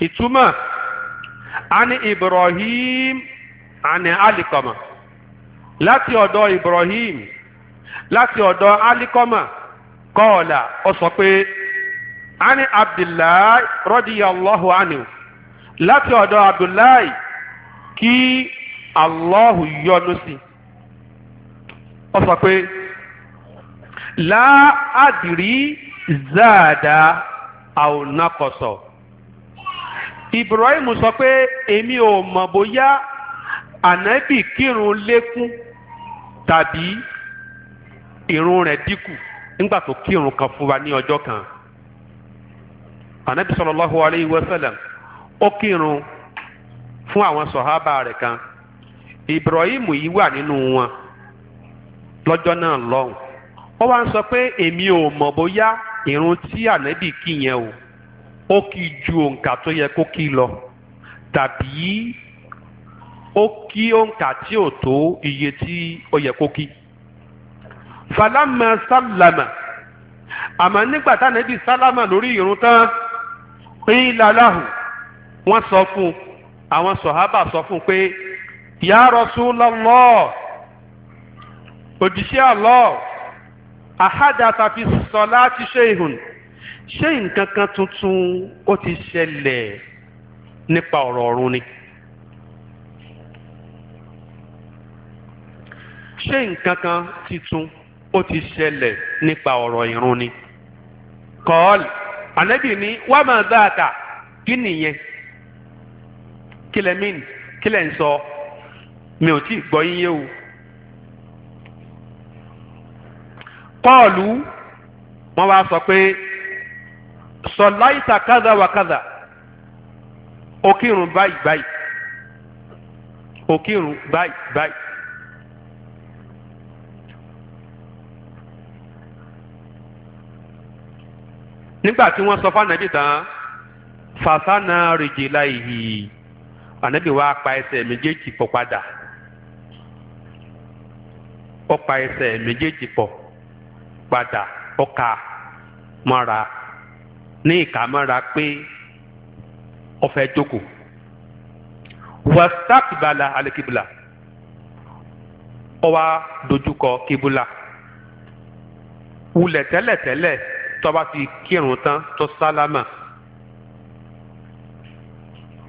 a ani ibrahim ani alikoma láti ọ̀dọ̀ ibrahim láti ọ̀dọ̀ alikoma kọ́ọ̀là ó sọ pé ani abdullahi radiyallahu anhu láti ọ̀dọ̀ abdullahi kí allahu yọnu sí ó sọ pé láàdìrí zaada aw Ibrahim sọ pé èmi ò mọ̀ bóyá ànábì kírun lékún tàbí irun rẹ̀ dínkù nígbà tó kírun kan fún wa ní ọjọ́ kan ànábì sallallahu alayhi wa sallam ó kírun fún àwọn sọ̀hábà rẹ̀ kan Ibrahim yìí wà nínú wọn lọ́jọ́ náà lọ́hùn ó wá ń sọ pé èmi ò mọ̀ bóyá irun tí ànábì kí yẹn o. ó kì í ju òǹkà tó yẹ kó kì í lọ tàbí ó kí òǹkà tí ò tó iye tí ó yẹ kó kí. falama sálámà àmọ́ nígbà táwọn ẹbí sálámà lórí irun tán pín lalahu wọ́n sọ fún àwọn sọ̀hábà sọ fún pé ya Rasulullah òjíṣẹ́ Allah àhádà tàbí sọ̀lá ti ṣe ìhùn ṣé nǹkan kan tuntun ó ti ṣẹlẹ̀ nípa ọ̀rọ̀ ọ̀run ni. ṣé nǹkan kan tuntun ó ti ṣẹlẹ̀ nípa ọ̀rọ̀ ìrun ni. kọ́ọ̀lì ànábì ní wàá máa dá àtà kí nìyẹn kí lẹ mí kí lẹ ń sọ mi ò tí ì gbọ́ yín o. kọ́ọ̀lù wọ́n wá sọ pé. sọláìta kádà wà kádà òkìrùn báyìí báyìí òkìrùn báyìí báyìí. nígbà wọ́n sọ fún ànábì tán fàṣánà rìjìlá wa pa ẹsẹ̀ méjèèjì pọ̀ padà ó ẹsẹ̀ méjèèjì pọ̀ ní ìkàmọ́ra pé ó fẹ́ jókòó wàstákìbàlà alẹ́kìbìlà ó wá dojúkọ kìbìlà wulẹ̀ tẹ́lẹ̀tẹ́lẹ̀ tó bá ti kírun tán tó sálámà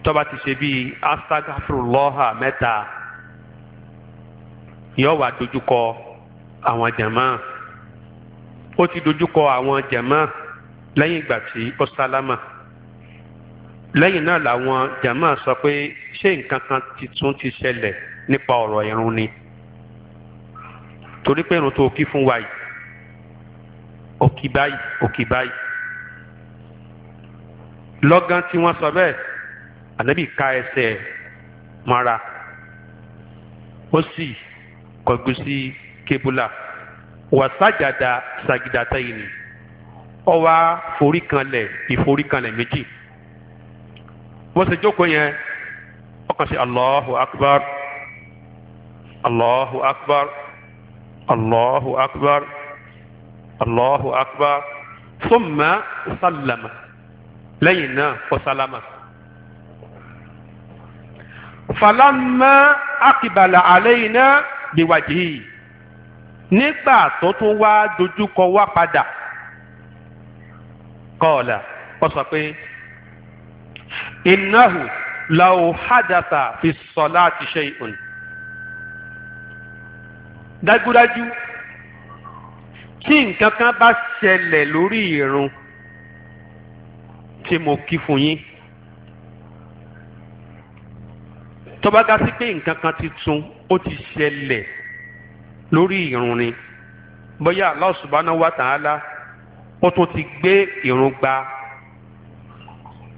tó bá ti ṣe bíi astagafurulọ́hà mẹ́ta yóò wá dojúkọ àwọn jàmáà ó ti dojúkọ àwọn jàmáà lẹ́yìn ìgbà tí ó sálámà lẹ́yìn náà làwọn jàmáà sọ pé ṣé nǹkan kan tuntun ti ṣẹlẹ̀ nípa ọ̀rọ̀ irun ni torí pé irun tó kí fún wa yìí ó kí báyìí ó kí báyìí lọ́gán tí wọ́n sọ bẹ́ẹ̀ ànábì ká ẹsẹ̀ mọ́ra ó sì kọjú sí kébùlà wàsájàdá sagidata yìí ni ó wá foríkanlẹ̀ ìforíkanlẹ̀ méjì wọ́n ṣe jókòó yẹn ó kàn ṣe allahu akbar allahu akbar allahu akbar allahu akbar thumma sallama lẹ́yìn náà ó sálámà. falamma akibala alayna biwajihi nígbà tó tún wá dojúkọ wá padà kọ́ọ̀là ó sọ pé innahu law hadatha fi salati shay'un dájúdájú tí nǹkan kan bá ṣẹlẹ̀ lórí ìrun tí mo kí fún yín tó bá ga sí pé nǹkan kan ti tún ó ti ṣẹlẹ̀ lórí ìrun ni bóyá Allah subhanahu wa ta'ala ó tún ti gbé ìrun gba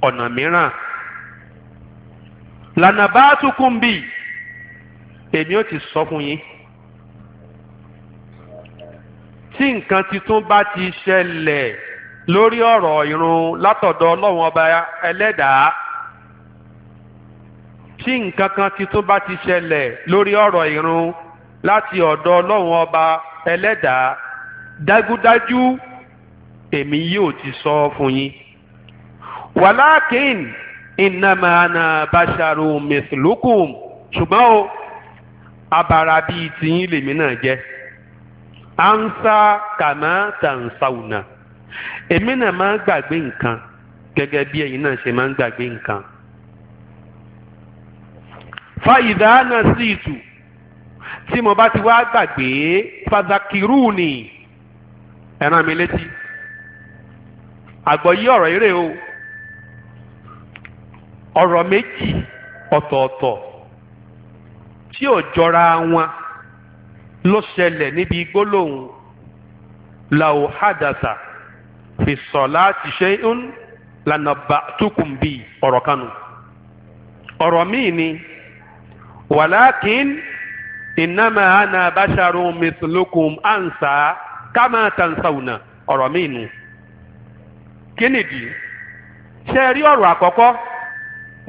ọ̀nà mìíràn lànà bá tukùn bì èmi ò ti sọ fún yín tí nǹkan titun bá ti ṣẹlẹ̀ lórí ọ̀rọ̀ ìrun látọ̀dọ̀ ọlọ́run ọba ẹlẹ́dàá tí nǹkan kan titun bá ti ṣẹlẹ̀ lórí ọ̀rọ̀ ìrun láti ọ̀dọ̀ ọlọ́run ọba ẹlẹ́dàá dájúdájú èmi yóò ti sọ ọ́ fún yín. wàlákìn innama ana basharu mithlukum ṣùgbọ́n o abara bíi tiyín lèmi náà jẹ́ ansa kàmá tàǹsàùnà èmi náà máa ń gbàgbé nǹkan gẹ́gẹ́ bí ẹ̀yin náà ṣe máa ń gbàgbé nǹkan. fàyìdá náà sí ìtù tí mo bá ti wá gbàgbé fàzàkìrú ni ẹ̀ràn mi létí àgbọ̀yé ọ̀rọ̀ eré o ọ̀rọ̀ méjì ọ̀tọ̀ọ̀tọ̀ tí ò jọra wọn ló ṣẹlẹ̀ níbi gbólóhùn làwò hádàtà fi salati shay'un lànà bá tukùn bíi ọ̀rọ̀ kanu ọ̀rọ̀ míì ni wàlákìn ìnáma àná basharun mithlukum ànsá kámá tansawna ọ̀rọ̀ míì nù kí nìdí ṣe rí ọ̀rọ̀ àkọ́kọ́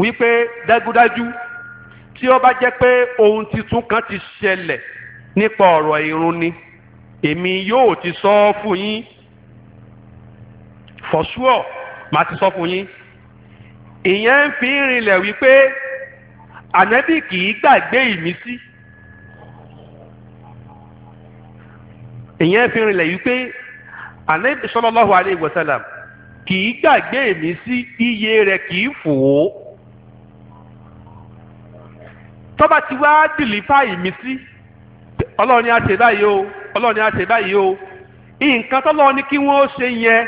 wípé dájúdájú tí ó bá jẹ́ pé ohun tuntun kan ti ṣẹlẹ̀ nípa ọ̀rọ̀ irun ni èmi yóò ti sọ ọ́ fún yín for sure màá ti sọ fún yín ìyẹn ń fi rinlẹ̀ wípé ànábì kì í gbàgbé ìmísí ìyẹn ń fi rinlẹ̀ wípé ànábì sallallahu alayhi wa sallam. kì í gbàgbé èmi sí iye rẹ kì í fò ó tọ́ba ti wá dìlífà èmi sí ọlọ́run ni a ṣe báyìí o ọlọ́run ni báyìí o nǹkan tọ́lọ́run ni kí wọ́n ṣe yẹn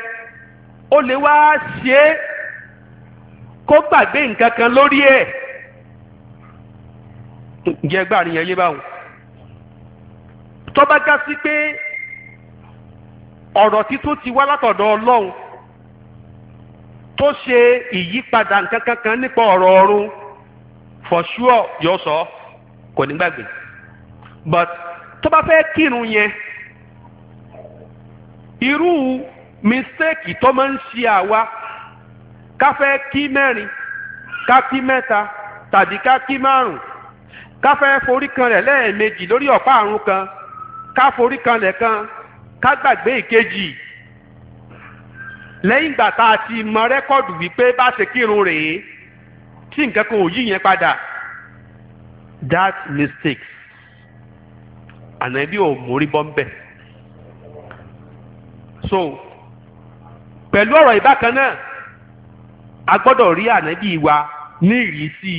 ó lè wá ṣe é kó gbàgbé nǹkan kan lórí ẹ̀ ǹjẹ́ gbà nìyẹn yé báwọn tọ́ba ga sí pé ọ̀rọ̀ títún ti wá látọ̀dọ̀ ọlọ́run tó ṣe ìyípadà nǹkan kankan nípa ọ̀rọ̀ ọ̀run for sure yóò sọ kò ní gbàgbé but tó bá fẹ́ kírun yẹn irú mistake tó máa ń ṣe àwa ká fẹ́ kí mẹ́rin ká kí mẹ́ta tàbí ká kí márùn ká fẹ́ forí kanlẹ̀ lẹ́ẹ̀mejì lórí ọ̀pá àrùn kan ká forí kanlẹ̀ kan ká gbàgbé ìkejì lẹ́yìn ìgbà tá a ti mọ rẹ́kọ̀dù wípé bá ṣe kírun rèé tí nǹkan kan ò yí yẹn padà that mistake ànábì ò mórí bọ́ ń bẹ̀. so pẹ̀lú ọ̀rọ̀ ìbákan náà a gbọ́dọ̀ rí ànábì wa ní ìrísí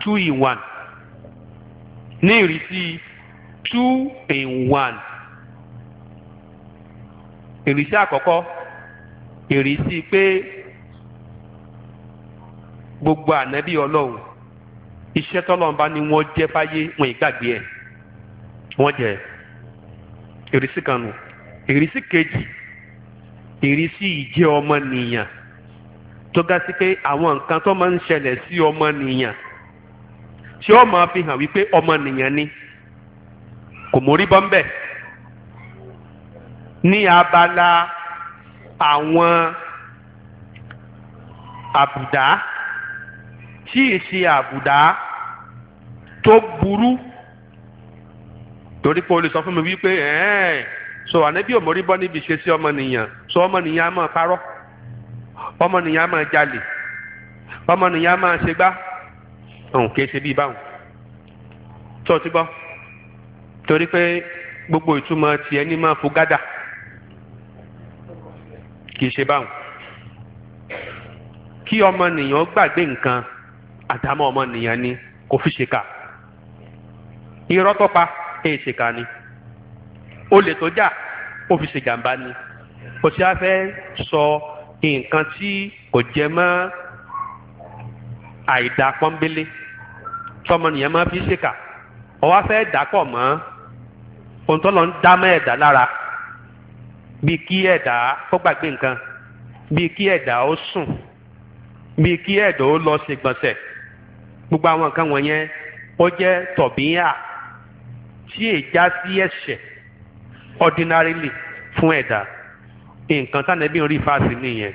two in one ní ìrísí two in one. ìrísí àkọ́kọ́ ìrísí pé gbogbo ànábì ọlọ́run iṣẹ́ tọ́lọ́mba ni wọ́n jẹ́ fáyé wọn ìgbàgbé ẹ̀ wọ́n jẹ́ ìrísí kan nù ìrísí kejì ìrísí ìjẹ́ ọmọnìyàn tó ga sí pé àwọn nǹkan tó máa ń ṣẹlẹ̀ sí ọmọnìyàn tí ó máa fi hàn wípé ọmọnìyàn ni kò mórí bọ́ ń ní abala àwọn àbùdá tí ì ṣe àbùdá tó burú torí pé o lè sọ fún mi wípé ẹ̀ẹ́n so ànábì ò mórí bọ́ níbi ṣe sí ọmọnìyàn so ọmọnìyàn á máa parọ́ ọmọnìyàn á máa jalè ọmọnìyàn á máa ṣègbá òun kìí ṣe bíi báwọn tó ti gbọ́ torí pé gbogbo ìtumọ̀ tiẹ̀ ní máa fò gádà kì í ṣe báwọn kí ọmọnìyàn gbàgbé nǹkan àdámọ́ ọmọnìyàn ni kò fi ṣèkà irọ́ tó pa èè ṣèkà ni olè tó jà ó fi ṣèjàmbá ni kò sí afẹ́ sọ nǹkan tí kò jẹ mọ́ àìdá pọ́nbélé tọmọnìyàn máa fi ṣèkà ọwọ́ afẹ́ dàpọ̀ mọ́ ohun tó lọ ń dá mọ́ ẹ̀dá lára bí kí ẹ̀dá kó gbàgbé nǹkan bí kí ẹ̀dá ó sùn bí kí ẹ̀dá ó lọ ṣègbọ̀nsẹ̀ gbogbo àwọn nǹkan wọ̀nyẹn ó jẹ́ tọ̀bíyà tí èjá sí ẹ̀ṣẹ̀ ordinarily fún ẹ̀dá nǹkan tánàbí orí fáàsì nìyẹn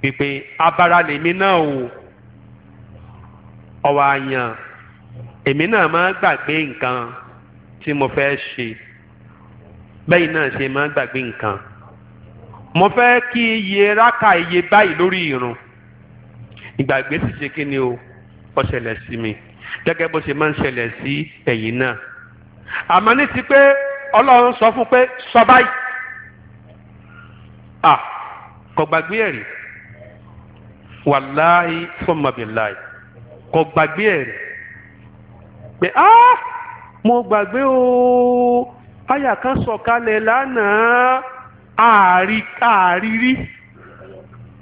pípé abara lèmi náà o ọwọ́ àyàn èmi náà máa gbàgbé nǹkan tí mo fẹ́ ṣe bẹ́yìn náà ṣe máa gbàgbé nǹkan mo fẹ́ kí iye rákà iye báyìí lórí irun ìgbàgbé sì ṣe kí ni o ó ṣẹlẹ̀ sí mi gẹ́gẹ́ bó ṣe máa ń ṣẹlẹ̀ sí ẹ̀yin náà àmọ́ ní ti pé ọlọ́run sọ fún pé sọ báyìí à kò gbàgbé ẹ̀ rí wàláhì fọmọbìláì kò gbàgbé ẹ̀ rí pé á mo gbàgbé o àyà kan sọ̀kalẹ̀ lánàá àárírí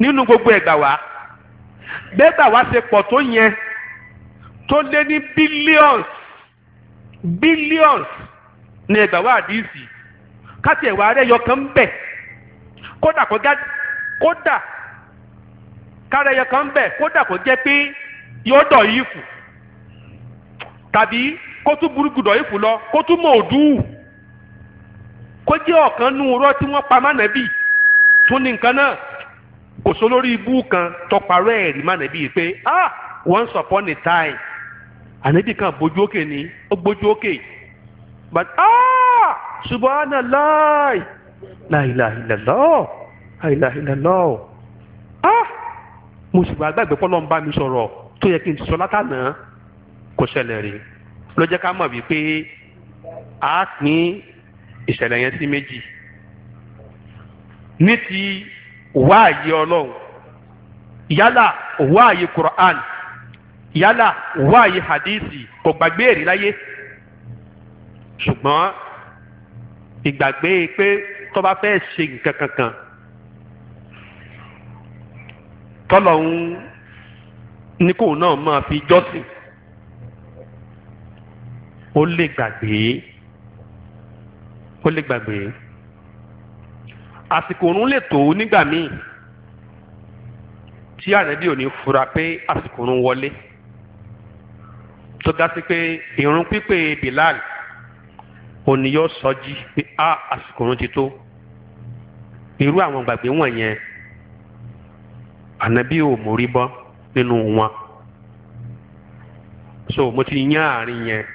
nínú gbogbo ẹ̀gbà wá bẹ́gbà wá ṣe pọ̀ tó yẹn tó lé ní billions billions ní ẹ̀gbà wá àdìsí káti ẹ̀wà rẹ̀ yọ kan bẹ̀ kódà kó kódà kára kan bẹ̀ kódà kó jẹ́ pé yóò dọ̀ yìí fù tàbí kó jẹ́ ọ̀kan nú irọ́ tí wọ́n pa mánàbí tún ní nǹkan náà kò sọ lórí ibú kan tọparọ́ ẹ̀ rí mánàbí pé ah once upon a time ànábì kan gbójú òkè ni ó gbójú òkè but ah subhanallah la ilaha illallah la ilaha illallah ah mo sì gbàgbé pọ́lọ́ ń bá mi sọ̀rọ̀ tó yẹ kí n ti sọ látànà kò ṣẹlẹ̀ rí ló ká mọ̀ wípé a pín ìṣẹ̀lẹ̀ yẹn sí méjì ní ti wáàyè ọlọ́run yálà wáàyè Qur'an yálà wáàyè hadisi kò gbàgbé èrè láyé ṣùgbọ́n ìgbàgbé pé tó bá fẹ́ ṣe nǹkan kankan tọ́lọ́hún ní kóun náà máa fi jọ́sìn ó lè gbàgbé kó lè gbàgbé àsìkò òrùn lè tó nígbà míì tí ànábì ò fura pé àsìkò òrùn wọlé tó ga sí pé ìrun pípé Bilal òní yóò sọjí pé a àsìkò òrùn ti tó irú àwọn gbàgbé wọ̀nyẹn ànábì ò mórí bọ́ nínú wọn so mo ti yán àárín yẹn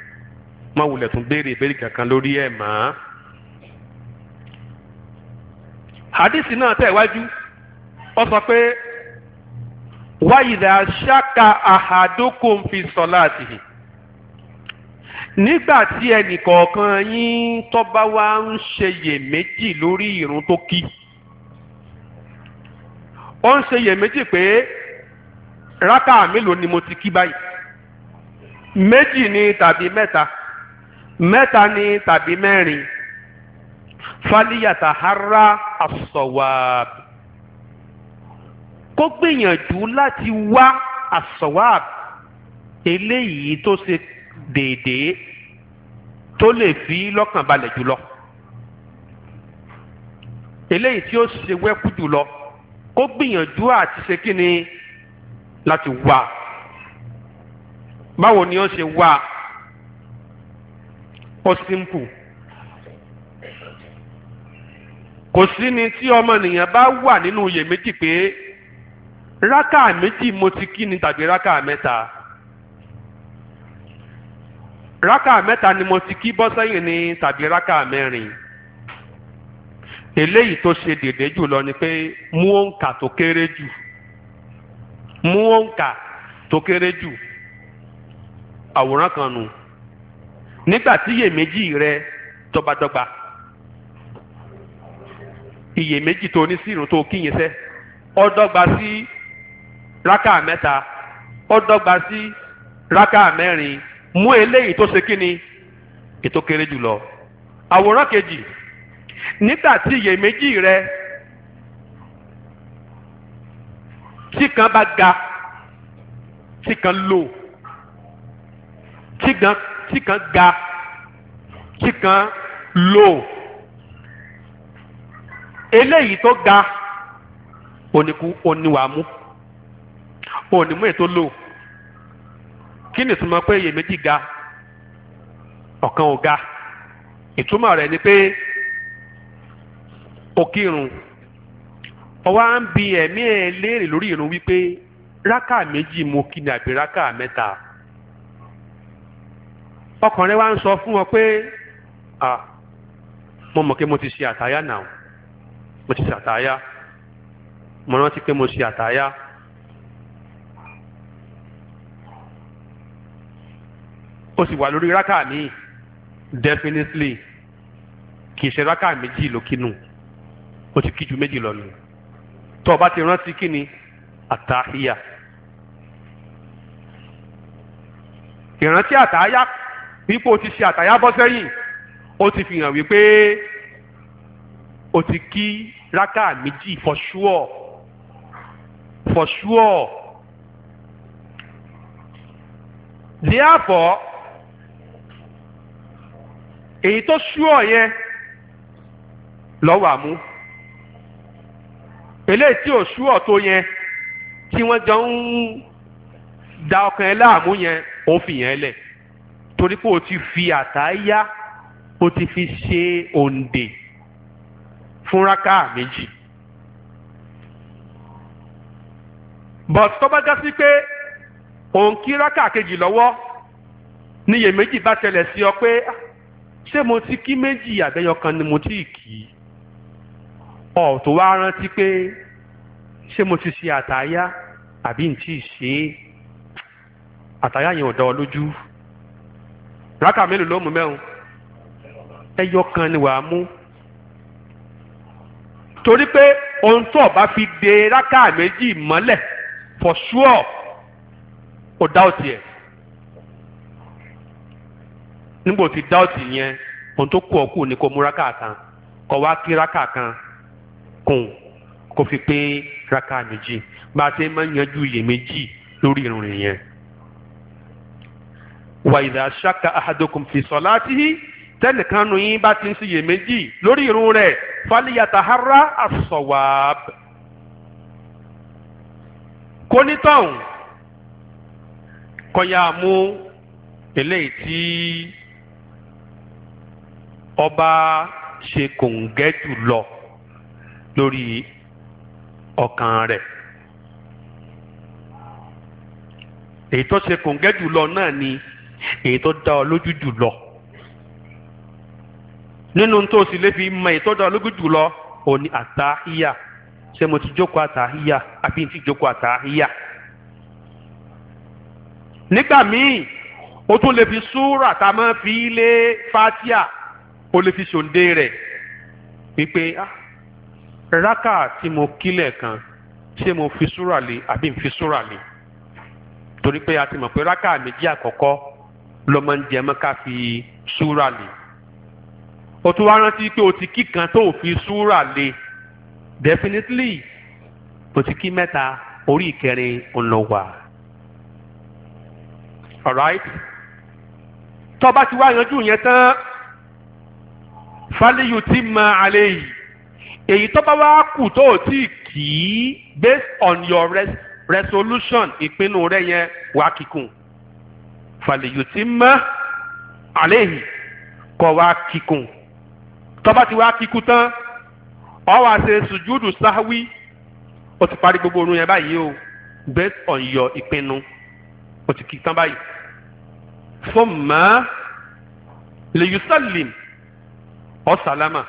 má wulẹ̀ tún béèrè ìbéèrè kankan lórí ẹ̀ mọ́ hadisi náà tẹ̀wájú ó sọ pé wáyìdà ṣáka àhàdókòm fi sọláàtìhì nígbà tí ẹnìkọ̀ọ̀kan yín tó bá wá ń ṣeyèméjì lórí ìrun tó kí ó ń ṣeyèméjì pé rákà mélòó ni mo ti kí báyìí méjì ni tàbí mẹ́ta mẹ́ta ni tàbí mẹ́rin fálíyàtà hara àsọ̀wàb kó gbìyànjú láti wá àsọ̀wàb eléyìí tó ṣe déédéé tó lè fi lọ́kàn balẹ̀ jùlọ eléyìí tí ó ṣe wẹ́kú jùlọ kó gbìyànjú àti ṣe kí láti wá báwo ni ó ṣe wá ó simple. kò sí ni tí ọmọnìyàn bá wà nínú iyèméjì pé rákà méjì mo ti kí ni tàbí rákà mẹ́ta rákà mẹ́ta ni mo ti kí bọ́ sẹ́yìn ni tàbí rákà mẹ́rin eléyìí tó ṣe déédéé jù lọ ni pé mú òǹkà tó kéré jù mú òǹkà tó kéré jù àwòrán kan nù nígbà tí iyèméjì rẹ tọgbadọgba iyèméjì tó ní sí irun tó kíyìn sẹ́ ó dọ́gba sí rákà mẹ́ta ó dọ́gba sí rákà mẹ́rin mú eléyìí tó ṣe kíni ètò kéré jùlọ àwòrán kejì nígbà tí iyèméjì rẹ tí kan bá ga tí kan lò tí kan ga tí kan lò. eléyìí tó ga oníkú oníwàmú onímú ètò lò kí ni ìtumọ̀ pé iyèméjì ga ọ̀kan ò ga ìtumọ̀ rẹ̀ ni pé òkìrùn ọwọ́ à ń bi ẹ̀mí ẹ̀ léèrè lórí irun wípé rákà méjì mo kí ni àbí rákà mẹ́ta ọkàn rẹ ń sọ fún ọ pé mo mọ̀ pé mo ti ṣe àtàyà náà. mo ti ṣàtáyà mo rántí pé mo ṣe àtáyà ó sì wà lórí rákà mi definitely kì í ṣe rákà méjì ló kínú ó ti kí ju méjì lọ tó o bá ti rántí kí ni àtàhíyà ìrántí àtàyà wípé o ti ṣe àtàyà bọ́ sẹ́yìn ó ti fi hàn wípé o ti kí rákà méjì for sure for sure therefore èyí tó sure yẹn lọ́wọ́ àmú eléyìí tí ò sure tó yẹn tí wọ́n jọ ń da ọkàn ẹ láàmú yẹn ó fi yẹn lẹ̀ torí pé o ti fi àtàyà o ti fi ṣe òǹdè fún rákà méjì. but tó bá gá sí pé òun kí rákà kejì lọ́wọ́ níyèméjì bá ṣẹlẹ̀ sí ọ pé ah, ṣé mo ti kí méjì àbẹ́yọkan ni mo ti kì í ọ̀ tó wá rántí pé ṣé mo ti ṣe àtàyà àbí n tí ì ṣe é àtàyà yẹn ò dá ọ lójú rákà mélòó ló mú mẹ́rin ẹyọkan ni wàá mú torí pé ohun tó ọba fi de rákà méjì mọ́lẹ̀ for sure ò dáòtì ẹ̀ nígbà tí dáòtì yẹn ohun tó kú ọkù ni kò mú rákà kan kò wá kí rákà kan kùn kò fi pé rákà méjì bá a ṣe máa ń yanjú iyèméjì lórí irun yẹn. wàyíṣà ṣáka ahadokum fi sọ láti hí tẹ́nìkan nu yín bá ti ń ṣiyèméjì lórí irun rẹ̀ faliyatahara asọ̀wàb kónítọ̀hún kọ́ya mú eléyìí tí ọba ṣe kòǹgẹ́ jù lọ lórí ọkàn rẹ̀ èyí tó ṣe kòǹgẹ́ jù náà ni èyí tó dá ọ lójú jù nínú tó o sì lè fi mọ ìtọ́jú ológun jùlọ ò ní àtàhíyà ṣé mo ti jókòó àtàhíyà àbí n ti jókòó àtàhíyà. nígbà míì o tún lè fi súrà tá a máa fi lé fatia o lè fi ṣòǹde rẹ̀ wípé ah, rákà tí mo kílẹ̀ kan ṣé mo fi súrà lé àbí n fi súrà lé torí pé a ti mọ̀ pé rákà méjì àkọ́kọ́ ló ń jẹ mọ́ ká fi súrà lé o tún wá rántí pé o ti kí kan tó fi súrà le definitely o ti kí mẹ́ta orí ìkẹrin ń lọ wà. alright tó bá ti wá yanjú yẹn tán fáliyù tí ma alẹ́ yìí èyí tó bá wá kù tó o tí kì í based on your res resolution ìpinnu rẹ yẹn wá kíkún fáliyù tí ma alẹ́ yìí kọ́ wá kíkún tọ́ba ti wá kíkú tán ọ wá ṣe sùjúdù sáwí o ti parí gbogbo orun yẹn báyìí o based on your ìpinnu o ti kí tán báyìí fún mọ́ lèyùsálìm ọ sàlámà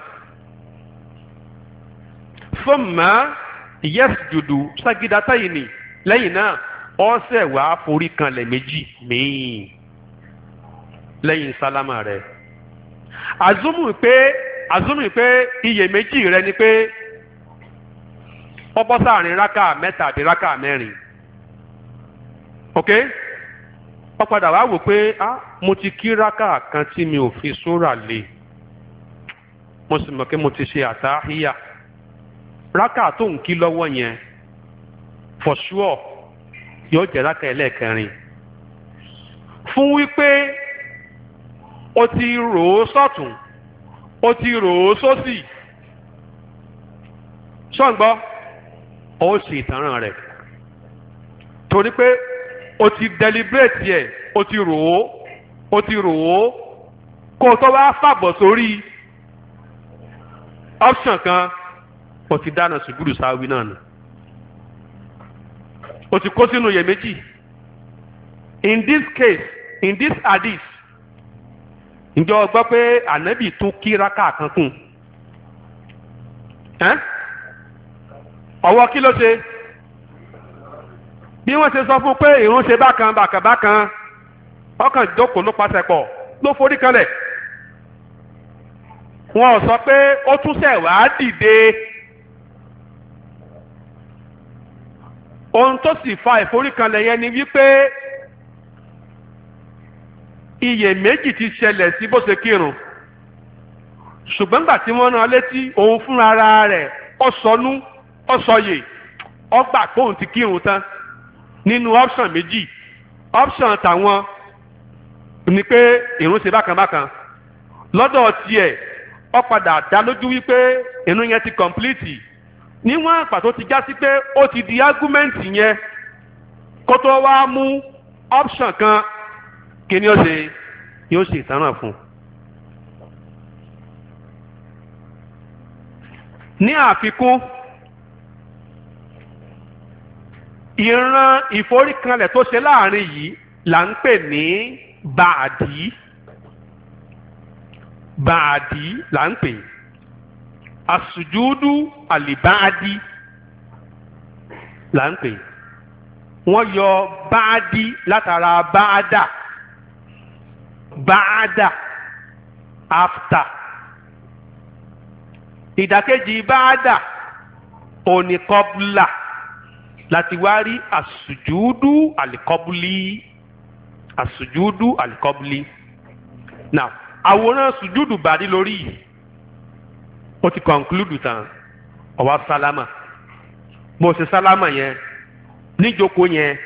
fún mọ́ yẹ́sùjúdù ságídátàyìí ni lẹ́yìn náà ọsẹ wàá forí kanlẹ̀ méjì míì lẹ́yìn sálámà rẹ̀ àzúmù pé azumi pé iyèméjì rẹ ni pé ọbọ sáàrin raka mẹ́ta àbí raka mẹ́rin ok ó padà wá wò pé ah mo ti kí raka kan tí mi ò fi sóra lé mo sì mọ̀ pé mo ti ṣe àtàhíyà raka tó ń kí lọ́wọ́ yẹn for sure yóò jẹ́ raka ẹlẹ́ẹ̀kẹrin fún wípé o ti rò ó sọ́tún. So o ti rò ó sósì ṣọ́ǹgbọ́ ó sì ìtanràn rẹ̀ torí pé o ti deliberate yẹ o ti rò ó o ti rò ó kó o tó sórí option kan o ti dáná sùgbùrù sáwí náà nù o ti kó sínú iyèméjì in this case in this hadith ǹjọ́ gbọ́ pé ànábì tún kí rákà kan kún ọwọ́ kí ló ṣe bí wọ́n ṣe sọ fún pé ìrun ṣe bákan bákan bákan ọkàn jókòó ló pàṣẹ pọ̀ ló forí kanlẹ̀ wọn ò sọ pé ó tún ṣẹ̀ wá dìde ohun tó sì fa ìforíkanlẹ̀ yẹn ni wípé iyèméjì ti ṣẹlẹ̀ sí bó ṣe kírun ṣùgbọ́n nígbà tí wọ́n rán létí òun fúnra ara rẹ̀ ọ̀sọ́nú ọ̀sọ̀yè ọgbà pòun ti kírun tán nínú option méjì option tàwọn ni pé ìrun ṣe bákan bákan lọ́dọ̀ tiẹ̀ ó padà dá lójú wípé ìrun yẹn ti complete níwọ̀n àgbà tó ti já sí pé ó ti di argument yẹn kó tó wá mú option kan kí ni ó ṣe yóò ṣe ìtanràn fún un. ní àfikún ìran ìforíkanlẹ̀ tó ṣe láàrin yìí là ń pè ní bàdí bàdí là ń pè àsùjúdú àlìbáàdí là ń pè wọ́n yọ báàdí látara báàdà báádà áfta ìdàkejì báádà òní kọ́bùlà láti wá rí àsùjúdú àlìkọ́bùlì àsùjúdú àlìkọ́bùlì now àwòrán sùjúdù bàdí lórí yìí ó ti conclude tán ó wá sálámà bó ṣe sálámà yẹn níjókòó yẹn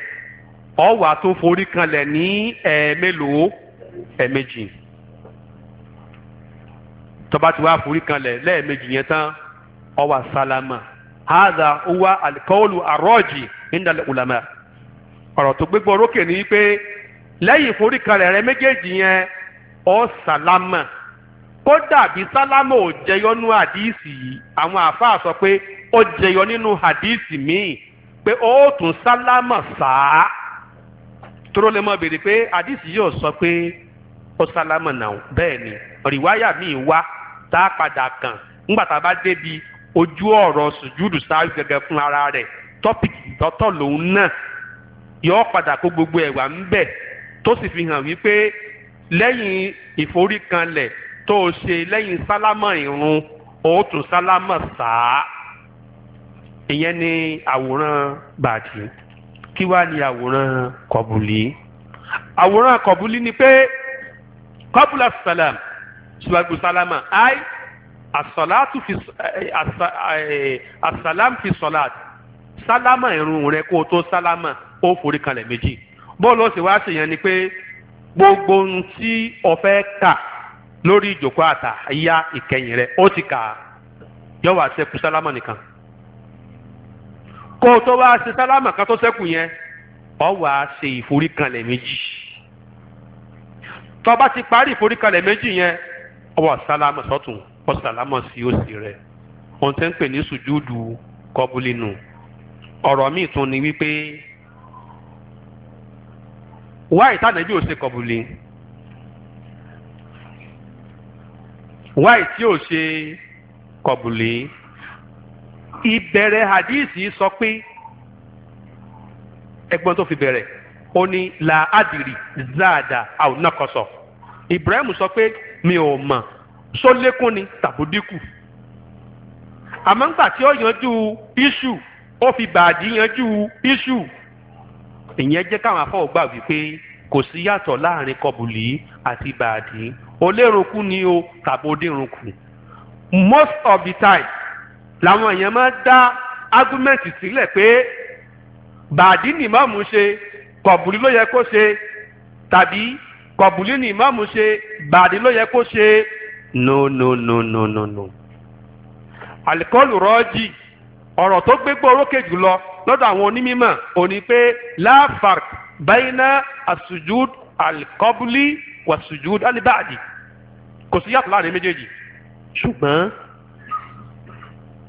ó wá tó forí kanlẹ̀ ní ẹ̀ẹ́mélòó. Eh, ẹ̀ẹ̀mejì tó ti wá forí kanlẹ̀ lẹ́ẹ̀mejì yẹn tán haza ụwa sálámà hádà huwa alikọ́ọ̀lù àrọ́ọ̀jì níndàlẹ̀ ulama ọ̀rọ̀ tó gbégbó ni lẹ́yìn forí kanlẹ̀ rẹ méjèèjì yẹn ó sálámà kódà bí sálámà ò yìí sọ pé ó jẹyọ nínú míì pé ó tún sálámà tóró lè mọ béèrè pé àdìsí yóò sọ pé ó sálámà náà bẹ́ẹ̀ ni rìwáyà míì wá tá a padà kàn ńgbà tá a bá débi ojú ọ̀rọ̀ sùjúdù sáájú gẹ́gẹ́ fún ara rẹ̀ tọ́pìkì tọ́tọ̀ lòun náà yóò padà kó gbogbo ẹ̀wà ń bẹ̀ tó sì fi hàn wípé lẹ́yìn ìforíkanlẹ̀ tó o ṣe lẹ́yìn sálámà ìrun o tún sálámà sáà ìyẹn ni àwòrán bàdí kí wá ní àwòrán kọ̀bùlì àwòrán kọ̀bùlì ni pé kọ́bùlà sàlám ṣùgbọ́n sàlámà ai àsàlátù fi àsàlám fi sọ̀lát sálámà irun rẹ kó o tó sálámà ó forí kalẹ̀ méjì bọ́ọ̀lù ọ̀sẹ̀ wá ṣèyàn ni pé gbogbo ohun tí o fẹ́ kà lórí ìjòkó àtàyà ìkẹyìn rẹ ó ti kà yọ wá ṣẹ́kù sálámà nìkan kó o tó wá ṣe sálámà kan tó sẹ́kù yẹn ọ wà á ṣe ìforíkanlẹ̀ méjì tó bá ti parí ìforíkanlẹ̀ méjì yẹn ọ wà sálámà sọ́tún ọ sálámà sí òsì rẹ̀ ohun tẹ́ ń pè ní sùjúdù kọbulinu ọ̀rọ̀ míì tún ni wípé wá ìtànẹ́bí ò ṣe kọbulì wá ìtí ò ṣe kọbulì ìbẹ̀rẹ̀ hadisi sọ pé ẹgbọ́n tó fi bẹ̀rẹ̀ ó ní la adìrì zada àwùnákọ̀sọ̀ Ibrahim sọ pé mi ò mọ̀ só lékún ni tàbódíkù àmọ́ ńgbà tí ó yanjú iṣu ó fi bàdí yanjú iṣu ìyẹn jẹ́ káwọn afọ́ gbà wípé kò sí yàtọ̀ láàrin kọbùlì àti bàdí olérùnkù ni o tàbódìrùnkù most of the time làwọn èèyàn máa dá ágúmẹ̀ntì sílẹ̀ pé bàdí ni ìmáàmù ṣe kọ̀bùlí ló yẹ kó ṣe tàbí kọ̀bùlí ni ìmáàmù ṣe bàdí ló yẹ kó ṣe no no no no no no. àlìkọ́lù rọ́ọ̀jì ọ̀rọ̀ tó gbégbó orókè jùlọ lọ́dọ̀ àwọn onímọ̀ òní pé láfàr báyìí náà àsùjúd àlìkọ́bùlí wàsùjúd àlìbáàdì kò sí yàtọ̀ láàrin méjèèjì ṣùgbọ́n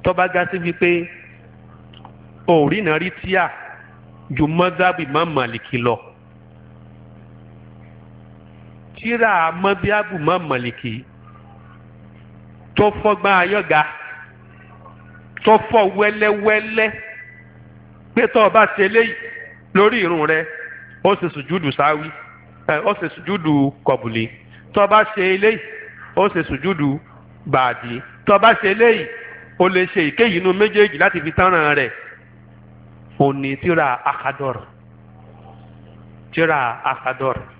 tó bá ga sí wípé òrìnà rí tíà ju mọ́sáàbù Imam Màlìkì lọ tíra mọ́sáàbù Imam Màlìkì tó fọ́gbọ́n ayọ́ga tó fọ́ wẹ́lẹ́wẹ́lẹ́ pé tó o bá ṣe eléyìí lórí irun rẹ ó ṣe sùjúdù sáwí ó ṣe sùjúdù kọ̀bùlì tó o ṣe eléyìí ó ṣe sùjúdù bàdí tó o ṣe eléyìí o lè ṣe ìkéyìí inú méjèèjì láti fi tánràn rẹ̀ òní tíra akadọ́r tíra akadọ́r.